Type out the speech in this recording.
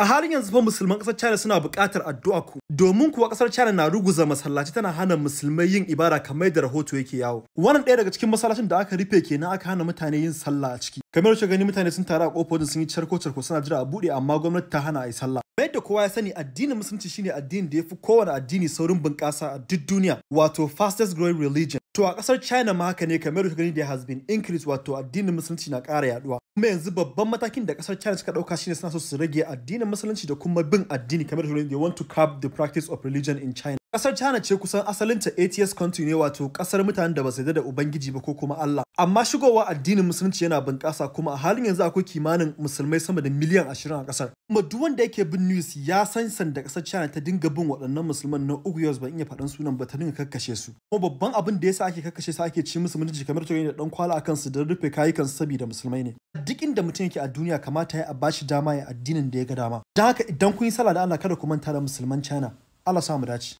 A halin yanzu fa musulman ƙasar China suna buƙatar addu'a ku domin kuwa ƙasar China na ruguza masallaci tana hana musulmai yin ibada kamar da rahoto yake yawo. Wannan ɗaya daga cikin masallacin da aka rufe kenan aka hana mutane yin sallah a ciki. Kamar yadda gani mutane sun taru a kofofin sun yi charko charko suna jira a buɗe amma gwamnati ta hana a yi sallah. Kamar da kowa ya sani addinin musulunci shine addinin da ya fi kowane addini saurin bunƙasa a duk duniya wato fastest growing religion. To a ƙasar China ma haka ne kamar yadda gani da has been increased wato addinin musulunci na ƙara yaduwa. kuma yanzu babban matakin da kasar China suka dauka shine suna so su rage addinin musulunci da kuma bin addini kamar da they want to curb the practice of religion in China Kasar China ce kusan asalinta ATS country ne wato kasar mutanen da ba su da Ubangiji ba ko kuma Allah. Amma shigowa addinin musulunci yana bunƙasa kuma a halin yanzu akwai kimanin musulmai sama da miliyan ashirin a kasar. Kuma duk wanda yake bin news ya san da kasar China ta dinga bin waɗannan musulman na uku yau ban iya faɗan sunan ba ta dinga kakkashe su. Kuma babban abin da yasa ake kakkashe su ake ci musu mutunci kamar to da dan kwala akan su da rufe kayukan su saboda musulmai ne. Duk inda mutum yake a duniya kamata ya a bashi dama ya addinin da ya ga dama. Don haka idan kun yi sallah da Allah kada ku manta da musulman China. Allah samu dace.